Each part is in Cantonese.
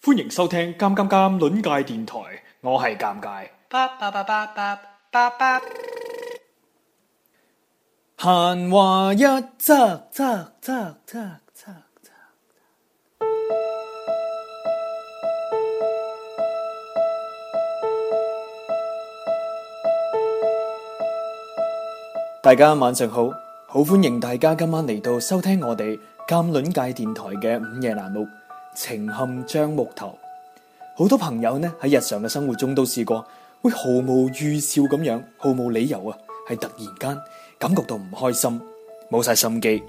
歡迎收聽《尷尷尷》論界電台，我係尷尬。閒話一則大家晚上好，好歡迎大家今晚嚟到收聽我哋《鑒論界電台》嘅午夜欄目。情陷樟木頭，好多朋友呢喺日常嘅生活中都試過，會毫無預兆咁樣，毫無理由啊，係突然間感覺到唔開心，冇晒心機。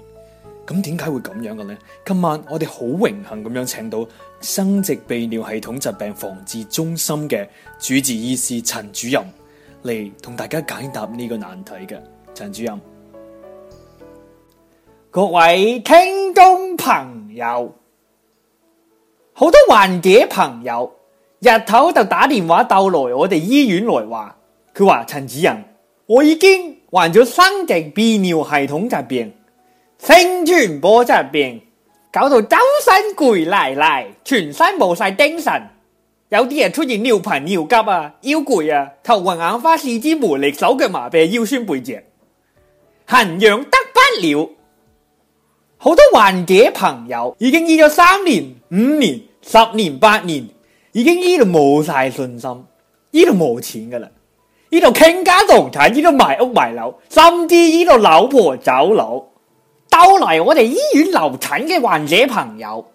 咁點解會咁樣嘅呢？今晚我哋好榮幸咁樣請到生殖泌尿系統疾病防治中心嘅主治醫師陳主任嚟同大家解答呢個難題嘅。陳主任，各位聽眾朋友。好多患者朋友日頭就打電話到來我哋醫院來話，佢話陳主任，我已經患咗生殖泌尿系統疾病、性傳播疾病，搞到周身攰賴賴，全身冇晒精神，有啲人出現尿頻尿急啊，腰攰啊，頭暈眼花，四肢無力，手腳麻痹，腰酸背脹，痕癢得不了。好多患者朋友已經醫咗三年、五年、十年、八年，已經醫到冇晒信心，醫到冇錢噶啦，醫到傾家蕩產，醫到賣屋賣樓，甚至醫到老婆走佬。到嚟我哋醫院留診嘅患者朋友，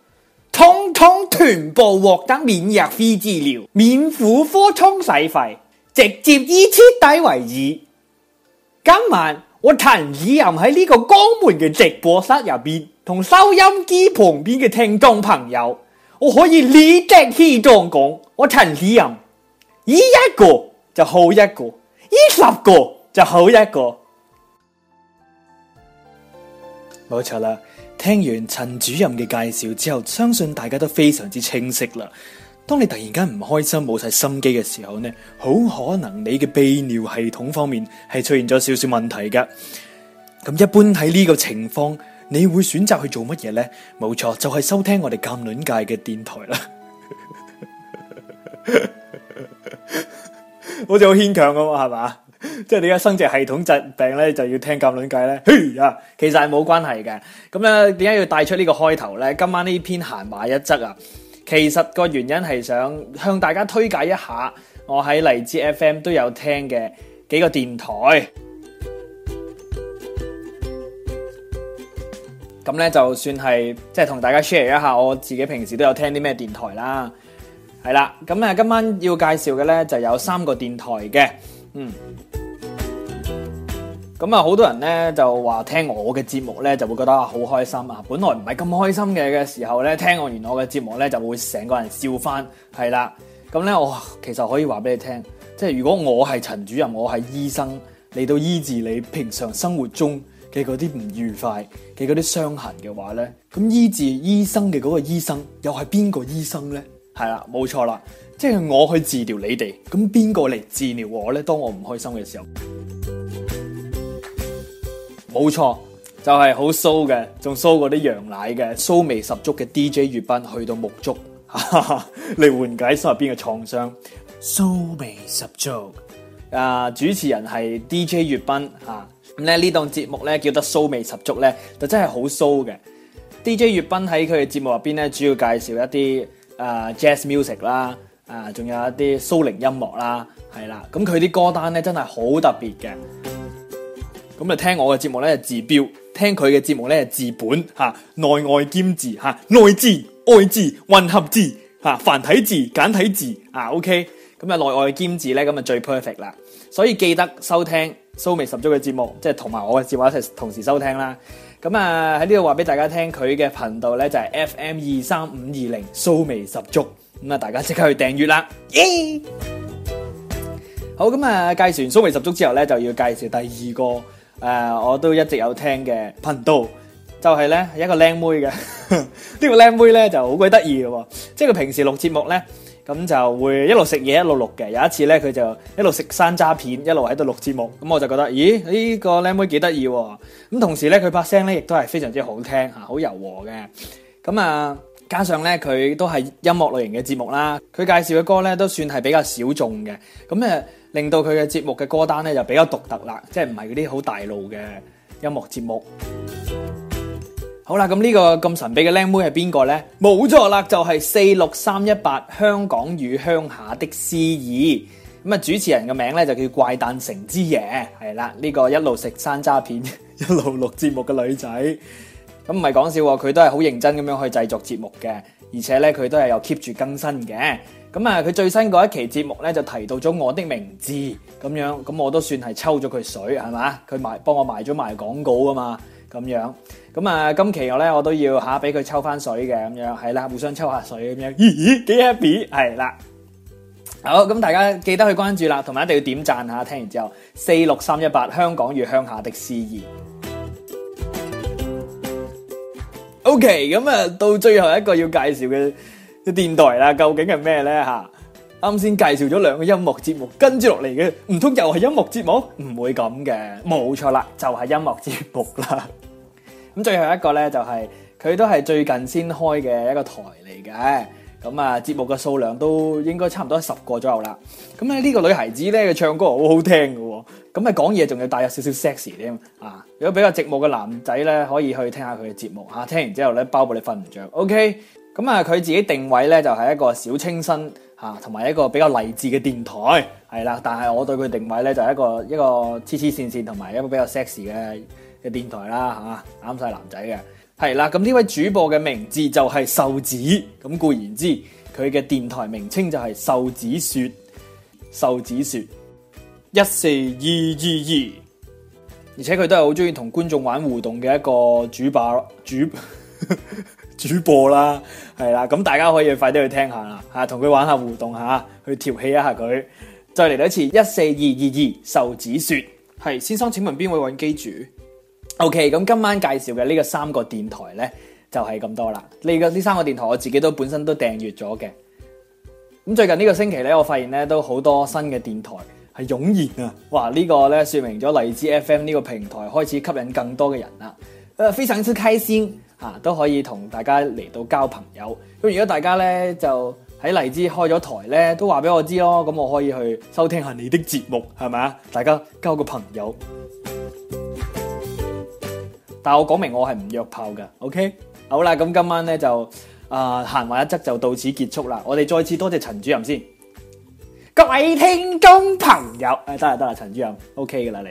通通全部獲得免藥費治療、免婦科沖洗費，直接醫徹底為止。今晚。我陳子任喺呢個江門嘅直播室入邊，同收音機旁邊嘅聽眾朋友，我可以理直氣壯講：我陳子任，依、這、一個就好一個，依、這、十個就好一個。冇、這個、錯啦！聽完陳主任嘅介紹之後，相信大家都非常之清晰啦。當你突然間唔開心、冇晒心機嘅時候呢，好可能你嘅泌尿系統方面係出現咗少少問題噶。咁一般喺呢個情況，你會選擇去做乜嘢呢？冇錯，就係收聽我哋鑑卵界嘅電台啦。好似好牽強咁啊，係嘛？即係你嘅生殖系統疾病咧，就要聽鑑卵界咧。嘿啊，其實係冇關係嘅。咁咧，點解要帶出呢個開頭咧？今晚呢篇閒話一則啊。其實個原因係想向大家推介一下，我喺荔枝 FM 都有聽嘅幾個電台。咁咧就算係即係同大家 share 一下，我自己平時都有聽啲咩電台啦。係啦，咁呀今晚要介紹嘅咧就有三個電台嘅，嗯。咁啊，好多人咧就話聽我嘅節目咧，就會覺得好開心啊！本來唔係咁開心嘅嘅時候咧，聽完我嘅節目咧，就會成個人笑翻，係啦。咁咧，我，哦，其實可以話俾你聽，即係如果我係陳主任，我係醫生嚟到醫治你平常生活中嘅嗰啲唔愉快嘅嗰啲傷痕嘅話咧，咁醫治醫生嘅嗰個醫生又係邊個醫生咧？係啦，冇錯啦，即係我去治療你哋，咁邊個嚟治療我咧？當我唔開心嘅時候？冇錯，就係好騷嘅，仲騷過啲羊奶嘅，騷味十足嘅 DJ 粵斌去到沐足，嚟緩解心入邊嘅創傷。騷、so、味、so、十足，啊、呃！主持人係 DJ 粵斌啊，咁咧呢檔節目咧叫得騷味十足咧，就真係好騷嘅。DJ 粵斌喺佢嘅節目入邊咧，主要介紹一啲啊、呃、jazz music 啦，啊，仲有一啲騷靈音樂啦，係啦，咁佢啲歌單咧真係好特別嘅。咁啊，聽我嘅節目咧，治標；聽佢嘅節目咧，治本。吓，內外兼治，吓、啊，內字、外字混合字，吓、啊，繁體字、簡體字，啊，OK。咁啊，內外兼治咧，咁啊，最 perfect 啦。所以記得收聽蘇、so、眉十足嘅節目，即係同埋我嘅節目一齊同時收聽啦。咁啊，喺呢度話俾大家聽，佢嘅頻道咧就係、是、FM 二三五二零，蘇眉十足。咁啊，大家即刻去訂閱啦。咦、yeah!？好，咁啊，介紹完蘇、so、眉十足之後咧，就要介紹第二個。誒、呃，我都一直有聽嘅頻道，就係、是、咧一個靚妹嘅，呵呵這個、妹呢個靚妹咧就好鬼得意嘅，即係佢平時錄節目咧，咁就會一路食嘢一路錄嘅。有一次咧，佢就一路食山楂片，一路喺度錄節目，咁我就覺得，咦呢、這個靚妹幾得意，咁同時咧佢把聲咧亦都係非常之好聽吓，好柔和嘅，咁啊。加上咧，佢都係音樂類型嘅節目啦。佢介紹嘅歌咧，都算係比較小眾嘅。咁誒，令到佢嘅節目嘅歌單咧，就比較獨特啦。即係唔係嗰啲好大路嘅音樂節目。嗯、好啦，咁呢個咁神秘嘅靚妹係邊個咧？冇錯啦，就係四六三一八香港與鄉下的詩意。咁啊，主持人嘅名咧就叫怪誕城之夜，係啦。呢、呢個一路食山楂片一路錄節目嘅女仔。咁唔係講笑喎，佢都係好認真咁樣去製作節目嘅，而且咧佢都係有 keep 住更新嘅。咁啊，佢最新嗰一期節目咧就提到咗我的名字咁樣，咁我都算係抽咗佢水係嘛？佢埋幫我埋咗賣廣告啊嘛，咁樣。咁啊，今期我咧我都要下俾佢抽翻水嘅咁樣，係啦，互相抽下水咁樣，咦咦幾 happy，係啦。好，咁大家記得去關注啦，同埋一定要點讚下。聽完之後，四六三一八香港與鄉下的詩意。OK，咁啊，到最後一個要介紹嘅電台啦，究竟係咩咧？吓，啱先介紹咗兩個音樂節目，跟住落嚟嘅，唔通又係音樂節目？唔會咁嘅，冇錯啦，就係、是、音樂節目啦。咁最後一個咧、就是，就係佢都係最近先開嘅一個台嚟嘅，咁啊節目嘅數量都應該差唔多十個左右啦。咁咧呢個女孩子咧，佢唱歌好好聽㗎。咁咪講嘢仲要帶有少少 sexy 添啊！如果比較寂寞嘅男仔咧，可以去聽下佢嘅節目嚇，聽完之後咧包保你瞓唔着。OK，咁啊，佢自己定位咧就係一個小清新嚇，同埋一個比較勵志嘅電台，係啦。但係我對佢定位咧就係一個一個黐黐線線同埋一個比較 sexy 嘅嘅電台啦嚇，啱晒男仔嘅。係啦，咁呢位主播嘅名字就係瘦子，咁固然之佢嘅電台名稱就係瘦子説，瘦子説，一四二二二，而且佢都係好中意同觀眾玩互動嘅一個主把主 主播啦，係啦，咁大家可以快啲去聽下啦，吓同佢玩下互動吓，去調戲一下佢，再嚟到一次一四二二二，壽子說，係先生，請問邊位搵機主？O K，咁今晚介紹嘅呢個三個電台咧，就係、是、咁多啦。呢個呢三個電台我自己都本身都訂閱咗嘅。咁最近呢個星期咧，我發現咧都好多新嘅電台。係湧現啊！哇，呢、這個咧說明咗荔枝 FM 呢個平台開始吸引更多嘅人啦。誒、uh,，非常之開心吓、啊，都可以同大家嚟到交朋友。咁如果大家咧就喺荔枝開咗台咧，都話俾我知咯，咁我可以去收聽下你的節目，係咪？大家交個朋友。 但係我講明我係唔約炮噶，OK？好啦，咁今晚咧就誒閒、呃、話一則就到此結束啦。我哋再次多謝陳主任先。各位聽眾朋友，誒得啦得啦，陳主任，O K 嘅啦你，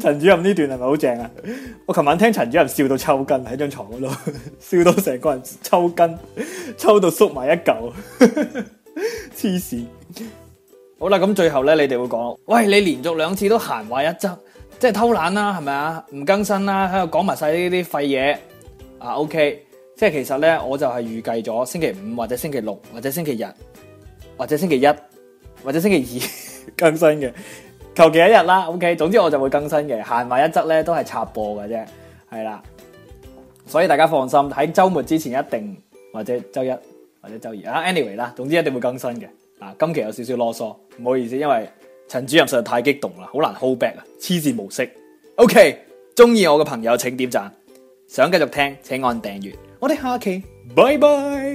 陳 主任呢段係咪好正啊？我琴晚聽陳主任笑到抽筋喺張床嗰度，笑到成個人抽筋，抽到縮埋一嚿，黐 線。好啦，咁最後咧，你哋會講，喂，你連續兩次都閒話一則，即係偷懶啦，係咪啊？唔更新啦、啊，喺度講埋晒呢啲廢嘢啊？O、OK、K，即係其實咧，我就係預計咗星期五或者星期六或者星期日。或者星期一或者星期二更新嘅，求其一日啦。OK，總之我就會更新嘅，限埋一則咧都係插播嘅啫，係啦。所以大家放心，喺周末之前一定或者周一或者周二啊，Anyway 啦，總之一定會更新嘅。啊，今期有少少囉嗦，唔好意思，因為陳主任實在太激動啦，好難 hold back 啊，黐線模式。OK，中意我嘅朋友請點讚，想繼續聽請按訂閱，我哋下期拜拜。Bye bye!